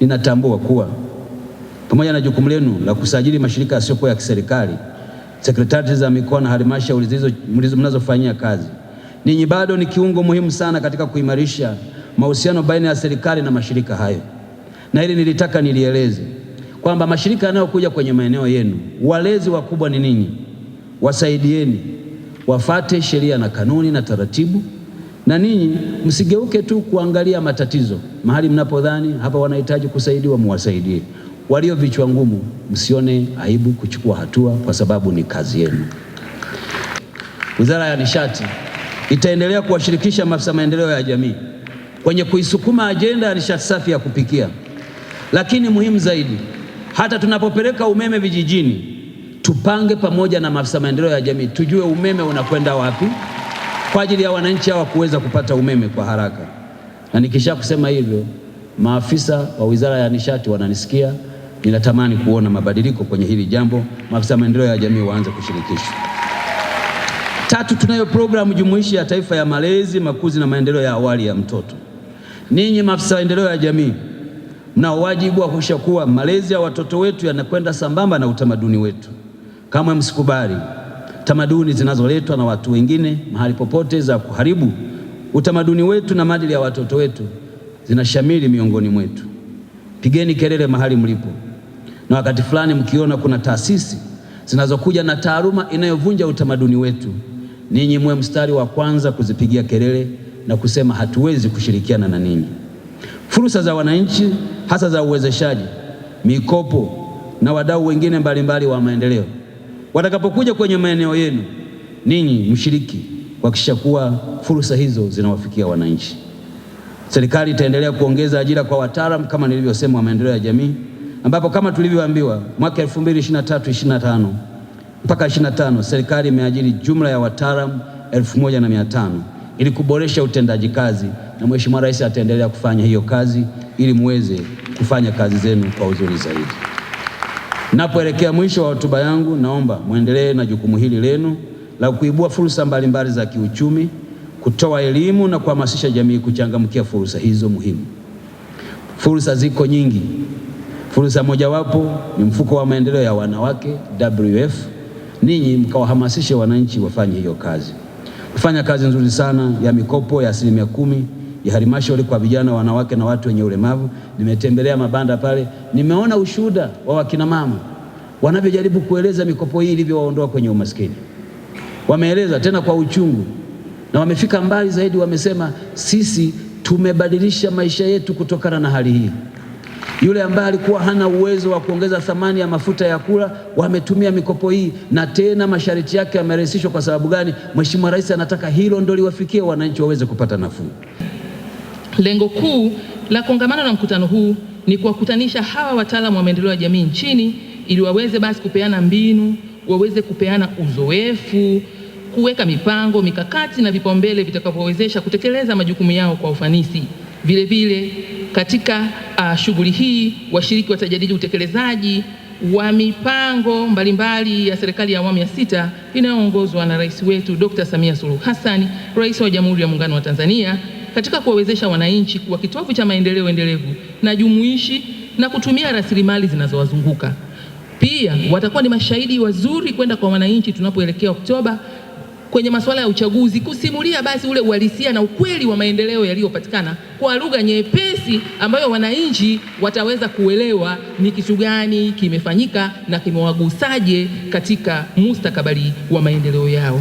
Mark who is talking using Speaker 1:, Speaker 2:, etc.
Speaker 1: linatambua kuwa pamoja na jukumu lenu la kusajili mashirika yasiyokuwa ya kiserikali, sekretariati za mikoa na halmashauri mnazofanyia kazi, ninyi bado ni kiungo muhimu sana katika kuimarisha mahusiano baina ya serikali na mashirika hayo, na hili nilitaka nilieleze kwamba mashirika yanayokuja kwenye maeneo yenu, walezi wakubwa ni ninyi. Wasaidieni, wafate sheria na kanuni na taratibu na ninyi msigeuke tu kuangalia matatizo. Mahali mnapodhani hapa wanahitaji kusaidiwa, muwasaidie. Walio vichwa ngumu, msione aibu kuchukua hatua, kwa sababu ni kazi yenu. Wizara ya Nishati itaendelea kuwashirikisha maafisa maendeleo ya jamii kwenye kuisukuma ajenda ya nishati safi ya kupikia. Lakini muhimu zaidi, hata tunapopeleka umeme vijijini, tupange pamoja na maafisa maendeleo ya jamii, tujue umeme unakwenda wapi kwa ajili ya wananchi hawa kuweza kupata umeme kwa haraka. Na nikisha kusema hivyo, maafisa wa Wizara ya Nishati wananisikia, ninatamani kuona mabadiliko kwenye hili jambo. Maafisa maendeleo ya jamii waanze kushirikishwa. Tatu, tunayo programu jumuishi ya taifa ya malezi, makuzi na maendeleo ya awali ya mtoto. Ninyi maafisa maendeleo ya jamii mna wajibu wa kuhakikisha kuwa malezi ya watoto wetu yanakwenda sambamba na utamaduni wetu. Kamwe msikubali tamaduni zinazoletwa na watu wengine mahali popote za kuharibu utamaduni wetu na maadili ya watoto wetu zinashamiri miongoni mwetu. Pigeni kelele mahali mlipo, na wakati fulani mkiona kuna taasisi zinazokuja na taaluma inayovunja utamaduni wetu, ninyi mwe mstari wa kwanza kuzipigia kelele na kusema hatuwezi kushirikiana na ninyi. Fursa za wananchi hasa za uwezeshaji, mikopo na wadau wengine mbalimbali wa maendeleo Watakapokuja kwenye maeneo yenu ninyi mshiriki kuhakikisha kuwa fursa hizo zinawafikia wananchi. Serikali itaendelea kuongeza ajira kwa wataalam kama nilivyosema wa maendeleo ya jamii, ambapo kama tulivyoambiwa mwaka 2023 25 mpaka 25 serikali imeajiri jumla ya wataalamu 1500 ili kuboresha utendaji kazi, na Mheshimiwa Rais ataendelea kufanya hiyo kazi ili muweze kufanya kazi zenu kwa uzuri zaidi. Napoelekea mwisho wa hotuba yangu, naomba mwendelee na jukumu hili lenu la kuibua fursa mbalimbali za kiuchumi, kutoa elimu na kuhamasisha jamii kuchangamkia fursa hizo muhimu. Fursa ziko nyingi. Fursa mojawapo ni mfuko wa maendeleo ya wanawake WF. Ninyi mkawahamasishe wananchi wafanye hiyo kazi, kufanya kazi nzuri sana ya mikopo ya asilimia kumi ya halmashauri kwa vijana, wanawake na watu wenye ulemavu. Nimetembelea mabanda pale, nimeona ushuhuda wa wakina mama wanavyojaribu kueleza mikopo hii ilivyowaondoa kwenye umaskini. Wameeleza tena kwa uchungu na wamefika mbali zaidi, wamesema sisi tumebadilisha maisha yetu kutokana na hali hii. Yule ambaye alikuwa hana uwezo wa kuongeza thamani ya mafuta ya kula, wametumia mikopo hii, na tena masharti yake yamerahisishwa. Kwa sababu gani? Mheshimiwa Rais anataka hilo ndio liwafikie wananchi waweze kupata nafuu.
Speaker 2: Lengo kuu la kongamano la mkutano huu ni kuwakutanisha hawa wataalamu wa maendeleo ya jamii nchini ili waweze basi kupeana mbinu, waweze kupeana uzoefu, kuweka mipango, mikakati na vipaumbele vitakavyowezesha kutekeleza majukumu yao kwa ufanisi. Vile vile katika uh, shughuli hii washiriki watajadili utekelezaji wa mipango mbalimbali ya serikali ya awamu ya sita inayoongozwa na rais wetu Dr. Samia Suluhu Hassan, rais wa Jamhuri ya Muungano wa Tanzania katika kuwawezesha wananchi kuwa kitovu cha maendeleo endelevu na jumuishi na kutumia rasilimali zinazowazunguka. Pia watakuwa ni mashahidi wazuri kwenda kwa wananchi tunapoelekea Oktoba kwenye masuala ya uchaguzi, kusimulia basi ule uhalisia na ukweli wa maendeleo yaliyopatikana kwa lugha nyepesi ambayo wananchi wataweza kuelewa ni kitu gani kimefanyika na kimewagusaje katika mustakabali wa maendeleo yao.